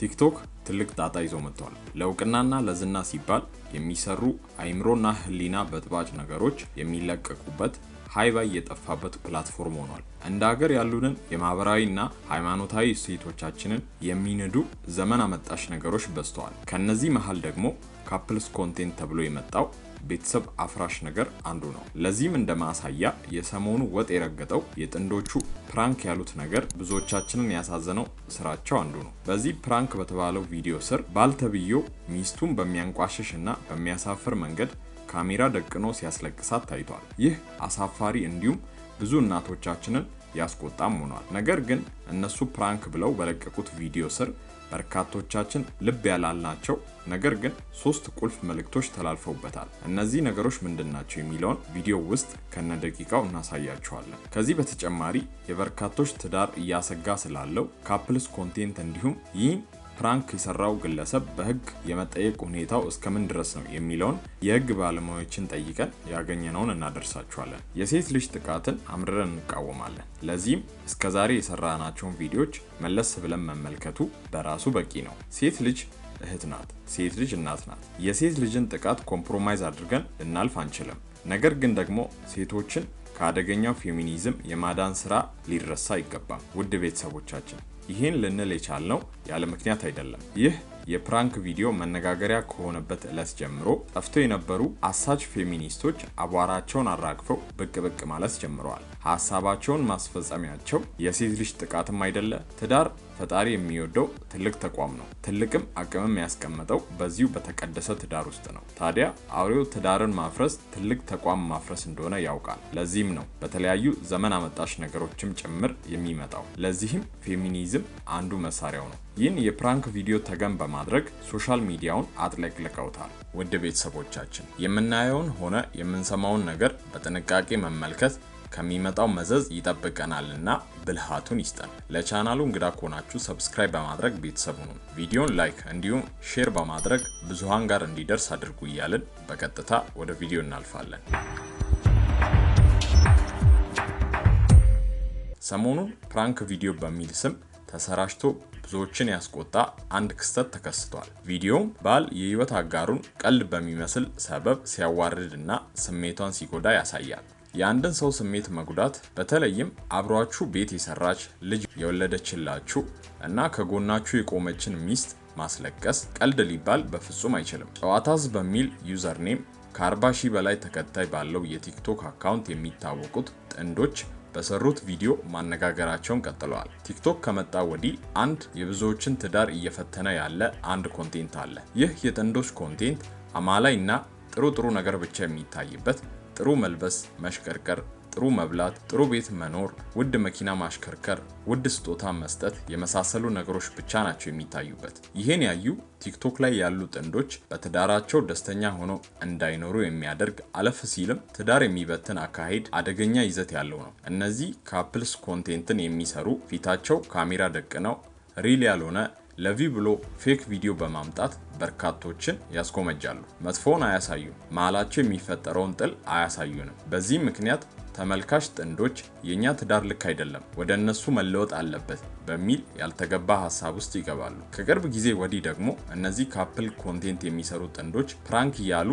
ቲክቶክ ትልቅ ጣጣ ይዞ መጥቷል። ለእውቅናና ለዝና ሲባል የሚሰሩ አይምሮና ሕሊና በጥባጭ ነገሮች የሚለቀቁበት ሃይባይ የጠፋበት ፕላትፎርም ሆኗል። እንደ ሀገር ያሉንን የማህበራዊና ሃይማኖታዊ እሴቶቻችንን የሚንዱ ዘመን አመጣሽ ነገሮች በዝተዋል። ከነዚህ መሀል ደግሞ ካፕልስ ኮንቴንት ተብሎ የመጣው ቤተሰብ አፍራሽ ነገር አንዱ ነው። ለዚህም እንደ ማሳያ የሰሞኑ ወጥ የረገጠው የጥንዶቹ ፕራንክ ያሉት ነገር ብዙዎቻችንን ያሳዘነው ስራቸው አንዱ ነው። በዚህ ፕራንክ በተባለው ቪዲዮ ስር ባልተብዮ ሚስቱን በሚያንቋሽሽ እና በሚያሳፍር መንገድ ካሜራ ደቅኖ ሲያስለቅሳት ታይቷል። ይህ አሳፋሪ እንዲሁም ብዙ እናቶቻችንን ያስቆጣም ሆኗል። ነገር ግን እነሱ ፕራንክ ብለው በለቀቁት ቪዲዮ ስር በርካቶቻችን ልብ ያላልናቸው ነገር ግን ሶስት ቁልፍ መልእክቶች ተላልፈውበታል። እነዚህ ነገሮች ምንድን ናቸው የሚለውን ቪዲዮ ውስጥ ከነ ደቂቃው እናሳያችኋለን። ከዚህ በተጨማሪ የበርካቶች ትዳር እያሰጋ ስላለው ካፕልስ ኮንቴንት እንዲሁም ይህን ፕራንክ የሰራው ግለሰብ በህግ የመጠየቅ ሁኔታው እስከምን ድረስ ነው የሚለውን የህግ ባለሙያዎችን ጠይቀን ያገኘነውን እናደርሳችኋለን። የሴት ልጅ ጥቃትን አምርረን እንቃወማለን። ለዚህም እስከዛሬ የሰራናቸውን ቪዲዮዎች መለስ ብለን መመልከቱ በራሱ በቂ ነው። ሴት ልጅ እህት ናት። ሴት ልጅ እናት ናት። የሴት ልጅን ጥቃት ኮምፕሮማይዝ አድርገን ልናልፍ አንችልም። ነገር ግን ደግሞ ሴቶችን ከአደገኛው ፌሚኒዝም የማዳን ስራ ሊረሳ አይገባም። ውድ ቤተሰቦቻችን ይህን ልንል የቻልነው ያለ ምክንያት አይደለም። ይህ የፕራንክ ቪዲዮ መነጋገሪያ ከሆነበት ዕለት ጀምሮ ጠፍቶ የነበሩ አሳች ፌሚኒስቶች አቧራቸውን አራግፈው ብቅ ብቅ ማለት ጀምረዋል። ሀሳባቸውን ማስፈጸሚያቸው የሴት ልጅ ጥቃትም አይደለ ትዳር ፈጣሪ የሚወደው ትልቅ ተቋም ነው። ትልቅም አቅምም ያስቀመጠው በዚሁ በተቀደሰ ትዳር ውስጥ ነው። ታዲያ አውሬው ትዳርን ማፍረስ ትልቅ ተቋም ማፍረስ እንደሆነ ያውቃል። ለዚህም ነው በተለያዩ ዘመን አመጣሽ ነገሮችም ጭምር የሚመጣው። ለዚህም ፌሚኒዝም አንዱ መሳሪያው ነው። ይህን የፕራንክ ቪዲዮ ተገን በማድረግ ሶሻል ሚዲያውን አጥለቅልቀውታል። ውድ ቤተሰቦቻችን የምናየውን ሆነ የምንሰማውን ነገር በጥንቃቄ መመልከት ከሚመጣው መዘዝ ይጠብቀናልና ብልሃቱን ይስጠን። ለቻናሉ እንግዳ ከሆናችሁ ሰብስክራይብ በማድረግ ቤተሰቡ ነው። ቪዲዮን ላይክ እንዲሁም ሼር በማድረግ ብዙሃን ጋር እንዲደርስ አድርጉ እያልን በቀጥታ ወደ ቪዲዮ እናልፋለን። ሰሞኑን ፕራንክ ቪዲዮ በሚል ስም ተሰራጭቶ ብዙዎችን ያስቆጣ አንድ ክስተት ተከስቷል። ቪዲዮው ባል የህይወት አጋሩን ቀልድ በሚመስል ሰበብ ሲያዋርድ እና ስሜቷን ሲጎዳ ያሳያል። የአንድን ሰው ስሜት መጉዳት በተለይም አብሯችሁ ቤት የሰራች ልጅ የወለደችላችሁ እና ከጎናችሁ የቆመችን ሚስት ማስለቀስ ቀልድ ሊባል በፍጹም አይችልም። ጨዋታዝ በሚል ዩዘርኔም ከ40 ሺህ በላይ ተከታይ ባለው የቲክቶክ አካውንት የሚታወቁት ጥንዶች በሰሩት ቪዲዮ ማነጋገራቸውን ቀጥለዋል። ቲክቶክ ከመጣ ወዲህ አንድ የብዙዎችን ትዳር እየፈተነ ያለ አንድ ኮንቴንት አለ። ይህ የጥንዶች ኮንቴንት አማላይ እና ጥሩ ጥሩ ነገር ብቻ የሚታይበት ጥሩ መልበስ፣ መሽከርከር፣ ጥሩ መብላት፣ ጥሩ ቤት መኖር፣ ውድ መኪና ማሽከርከር፣ ውድ ስጦታ መስጠት የመሳሰሉ ነገሮች ብቻ ናቸው የሚታዩበት። ይህን ያዩ ቲክቶክ ላይ ያሉ ጥንዶች በትዳራቸው ደስተኛ ሆኖ እንዳይኖሩ የሚያደርግ አለፍ ሲልም ትዳር የሚበትን አካሄድ አደገኛ ይዘት ያለው ነው። እነዚህ ካፕልስ ኮንቴንትን የሚሰሩ ፊታቸው ካሜራ ደቅነው ሪል ያልሆነ ለቪ ብሎ ፌክ ቪዲዮ በማምጣት በርካቶችን ያስጎመጃሉ። መጥፎውን አያሳዩም፣ መሀላቸው የሚፈጠረውን ጥል አያሳዩንም። በዚህም ምክንያት ተመልካች ጥንዶች የእኛ ትዳር ልክ አይደለም፣ ወደ እነሱ መለወጥ አለበት በሚል ያልተገባ ሀሳብ ውስጥ ይገባሉ። ከቅርብ ጊዜ ወዲህ ደግሞ እነዚህ ካፕል ኮንቴንት የሚሰሩ ጥንዶች ፕራንክ እያሉ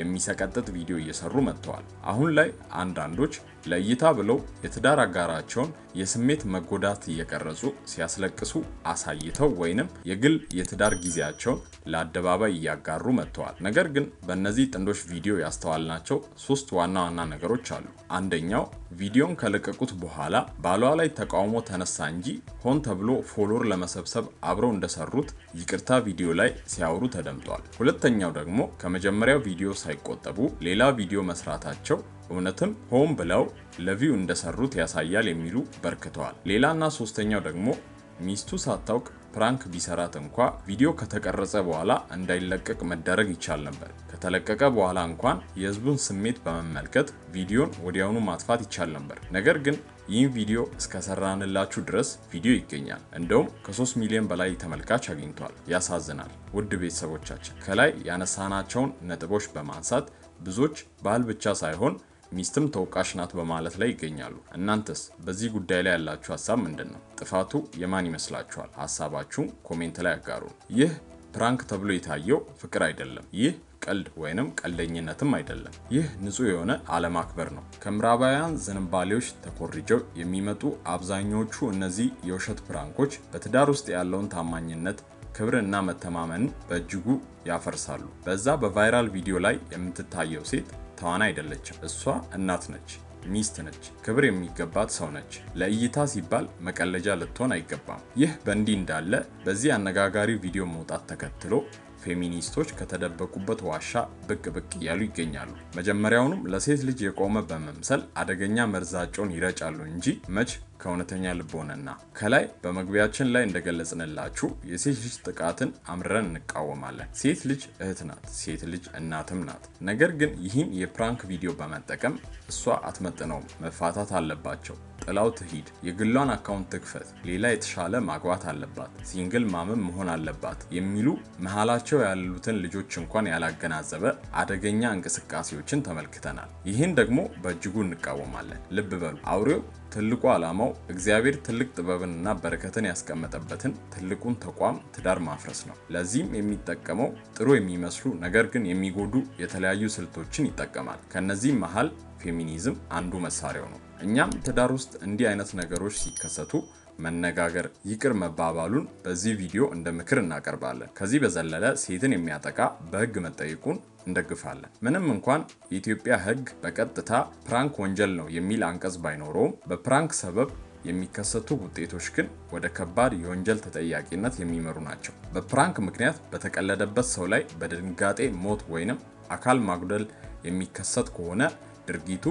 የሚሰቀጥጥ ቪዲዮ እየሰሩ መጥተዋል። አሁን ላይ አንዳንዶች ለእይታ ብለው የትዳር አጋራቸውን የስሜት መጎዳት እየቀረጹ ሲያስለቅሱ አሳይተው ወይንም የግል የትዳር ጊዜያቸውን ለአደባባይ እያጋሩ መጥተዋል። ነገር ግን በእነዚህ ጥንዶች ቪዲዮ ያስተዋልናቸው ሶስት ዋና ዋና ነገሮች አሉ። አንደኛው ቪዲዮን ከለቀቁት በኋላ ባሏ ላይ ተቃውሞ ተነሳ እንጂ ሆን ተብሎ ፎሎር ለመሰብሰብ አብረው እንደሰሩት ይቅርታ ቪዲዮ ላይ ሲያወሩ ተደምጧል። ሁለተኛው ደግሞ ከመጀመሪያው ቪዲዮ ሳይቆጠቡ ሌላ ቪዲዮ መስራታቸው እውነትም ሆን ብለው ለቪው እንደሰሩት ያሳያል የሚሉ በርክተዋል። ሌላና ሶስተኛው ደግሞ ሚስቱ ሳታውቅ ፕራንክ ቢሰራት እንኳ ቪዲዮ ከተቀረጸ በኋላ እንዳይለቀቅ መደረግ ይቻል ነበር። ከተለቀቀ በኋላ እንኳን የህዝቡን ስሜት በመመልከት ቪዲዮን ወዲያውኑ ማጥፋት ይቻል ነበር። ነገር ግን ይህን ቪዲዮ እስከሰራንላችሁ ድረስ ቪዲዮ ይገኛል። እንደውም ከ3 ሚሊዮን በላይ ተመልካች አግኝቷል። ያሳዝናል። ውድ ቤተሰቦቻችን ከላይ ያነሳናቸውን ነጥቦች በማንሳት ብዙዎች ባህል ብቻ ሳይሆን ሚስትም ተወቃሽ ናት በማለት ላይ ይገኛሉ። እናንተስ በዚህ ጉዳይ ላይ ያላችሁ ሀሳብ ምንድን ነው? ጥፋቱ የማን ይመስላችኋል? ሀሳባችሁ ኮሜንት ላይ አጋሩ። ይህ ፕራንክ ተብሎ የታየው ፍቅር አይደለም። ይህ ቀልድ ወይንም ቀልደኝነትም አይደለም። ይህ ንጹህ የሆነ አለማክበር ነው። ከምዕራባውያን ዝንባሌዎች ተኮርጀው የሚመጡ አብዛኛዎቹ እነዚህ የውሸት ፕራንኮች በትዳር ውስጥ ያለውን ታማኝነት ክብርና መተማመንን በእጅጉ ያፈርሳሉ። በዛ በቫይራል ቪዲዮ ላይ የምትታየው ሴት ተዋና አይደለችም። እሷ እናት ነች፣ ሚስት ነች፣ ክብር የሚገባት ሰው ነች። ለእይታ ሲባል መቀለጃ ልትሆን አይገባም። ይህ በእንዲህ እንዳለ በዚህ አነጋጋሪ ቪዲዮ መውጣት ተከትሎ ፌሚኒስቶች ከተደበቁበት ዋሻ ብቅ ብቅ እያሉ ይገኛሉ። መጀመሪያውንም ለሴት ልጅ የቆመ በመምሰል አደገኛ መርዛቸውን ይረጫሉ እንጂ መች ከእውነተኛ ልቦንና ከላይ በመግቢያችን ላይ እንደገለጽንላችሁ የሴት ልጅ ጥቃትን አምረን እንቃወማለን። ሴት ልጅ እህት ናት፣ ሴት ልጅ እናትም ናት። ነገር ግን ይህን የፕራንክ ቪዲዮ በመጠቀም እሷ አትመጥነውም፣ መፋታት አለባቸው ጥላው ትሂድ፣ የግሏን አካውንት ትክፈት፣ ሌላ የተሻለ ማግባት አለባት፣ ሲንግል ማመም መሆን አለባት የሚሉ መሀላቸው ያሉትን ልጆች እንኳን ያላገናዘበ አደገኛ እንቅስቃሴዎችን ተመልክተናል። ይህን ደግሞ በእጅጉ እንቃወማለን። ልብ በሉ አውሬው ትልቁ ዓላማው እግዚአብሔር ትልቅ ጥበብንና በረከትን ያስቀመጠበትን ትልቁን ተቋም ትዳር ማፍረስ ነው። ለዚህም የሚጠቀመው ጥሩ የሚመስሉ ነገር ግን የሚጎዱ የተለያዩ ስልቶችን ይጠቀማል። ከነዚህም መሀል ፌሚኒዝም አንዱ መሳሪያው ነው። እኛም ትዳር ውስጥ እንዲህ አይነት ነገሮች ሲከሰቱ መነጋገር ይቅር መባባሉን በዚህ ቪዲዮ እንደ ምክር እናቀርባለን። ከዚህ በዘለለ ሴትን የሚያጠቃ በህግ መጠየቁን እንደግፋለን። ምንም እንኳን የኢትዮጵያ ህግ በቀጥታ ፕራንክ ወንጀል ነው የሚል አንቀጽ ባይኖረውም በፕራንክ ሰበብ የሚከሰቱ ውጤቶች ግን ወደ ከባድ የወንጀል ተጠያቂነት የሚመሩ ናቸው። በፕራንክ ምክንያት በተቀለደበት ሰው ላይ በድንጋጤ ሞት ወይንም አካል ማጉደል የሚከሰት ከሆነ ድርጊቱ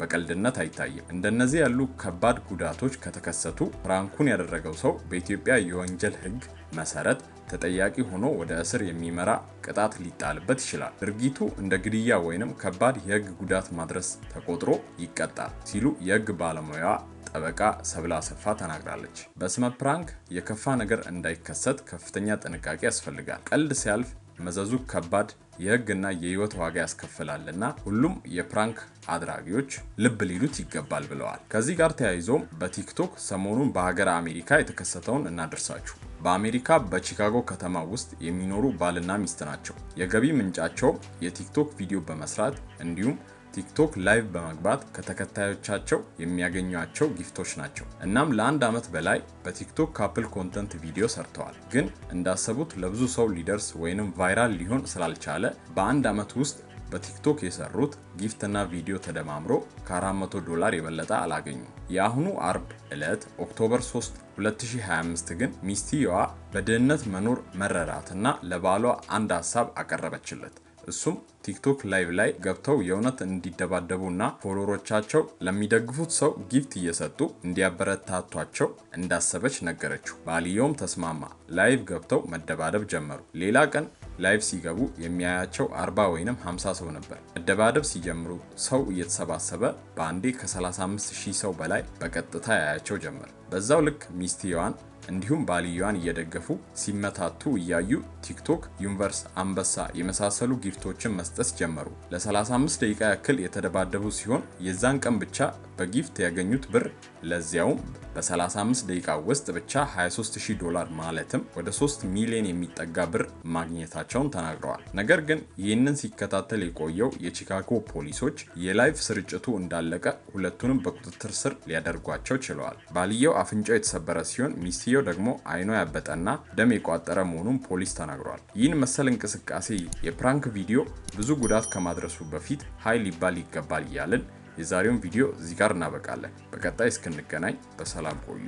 በቀልድነት አይታይም። እንደነዚህ ያሉ ከባድ ጉዳቶች ከተከሰቱ ፍራንኩን ያደረገው ሰው በኢትዮጵያ የወንጀል ሕግ መሰረት ተጠያቂ ሆኖ ወደ እስር የሚመራ ቅጣት ሊጣልበት ይችላል። ድርጊቱ እንደ ግድያ ወይንም ከባድ የሕግ ጉዳት ማድረስ ተቆጥሮ ይቀጣል ሲሉ የህግ ባለሙያዋ ጠበቃ ሰብለ አሰፋ ተናግራለች። በስመ ፕራንክ የከፋ ነገር እንዳይከሰት ከፍተኛ ጥንቃቄ ያስፈልጋል። ቀልድ ሲያልፍ መዘዙ ከባድ የህግና የህይወት ዋጋ ያስከፍላልና ሁሉም የፕራንክ አድራጊዎች ልብ ሊሉት ይገባል ብለዋል። ከዚህ ጋር ተያይዞም በቲክቶክ ሰሞኑን በሀገር አሜሪካ የተከሰተውን እናደርሳችሁ። በአሜሪካ በቺካጎ ከተማ ውስጥ የሚኖሩ ባልና ሚስት ናቸው። የገቢ ምንጫቸው የቲክቶክ ቪዲዮ በመስራት እንዲሁም ቲክቶክ ላይቭ በመግባት ከተከታዮቻቸው የሚያገኟቸው ጊፍቶች ናቸው። እናም ለአንድ ዓመት በላይ በቲክቶክ ካፕል ኮንተንት ቪዲዮ ሰርተዋል። ግን እንዳሰቡት ለብዙ ሰው ሊደርስ ወይንም ቫይራል ሊሆን ስላልቻለ በአንድ ዓመት ውስጥ በቲክቶክ የሰሩት ጊፍትና ቪዲዮ ተደማምሮ ከ400 ዶላር የበለጠ አላገኙም። የአሁኑ አርብ ዕለት ኦክቶበር 3 2025 ግን ሚስትየዋ በድህነት መኖር መረዳትና ለባሏ አንድ ሀሳብ አቀረበችለት። እሱም ቲክቶክ ላይቭ ላይ ገብተው የእውነት እንዲደባደቡና ፎሎሮቻቸው ለሚደግፉት ሰው ጊፍት እየሰጡ እንዲያበረታቷቸው እንዳሰበች ነገረችው። ባልየውም ተስማማ። ላይቭ ገብተው መደባደብ ጀመሩ። ሌላ ቀን ላይቭ ሲገቡ የሚያያቸው 40 ወይም 50 ሰው ነበር። መደባደብ ሲጀምሩ ሰው እየተሰባሰበ በአንዴ ከ35 ሺህ ሰው በላይ በቀጥታ ያያቸው ጀመር። በዛው ልክ ሚስትየዋን እንዲሁም ባልየዋን እየደገፉ ሲመታቱ እያዩ ቲክቶክ፣ ዩኒቨርስ፣ አንበሳ የመሳሰሉ ጊፍቶችን መስጠት ጀመሩ። ለ35 ደቂቃ ያክል የተደባደቡ ሲሆን የዛን ቀን ብቻ በጊፍት ያገኙት ብር ለዚያውም በ35 ደቂቃ ውስጥ ብቻ 23000 ዶላር ማለትም ወደ 3 ሚሊዮን የሚጠጋ ብር ማግኘታቸውን ተናግረዋል። ነገር ግን ይህንን ሲከታተል የቆየው የቺካጎ ፖሊሶች የላይቭ ስርጭቱ እንዳለቀ ሁለቱንም በቁጥጥር ስር ሊያደርጓቸው ችለዋል። ባልየው አፍንጫው የተሰበረ ሲሆን ሚስት ሰውየው ደግሞ አይኗ ያበጠና ደም የቋጠረ መሆኑን ፖሊስ ተናግሯል። ይህን መሰል እንቅስቃሴ የፕራንክ ቪዲዮ ብዙ ጉዳት ከማድረሱ በፊት ሀይ ሊባል ይገባል እያልን የዛሬውን ቪዲዮ እዚህ ጋር እናበቃለን። በቀጣይ እስክንገናኝ በሰላም ቆዩ።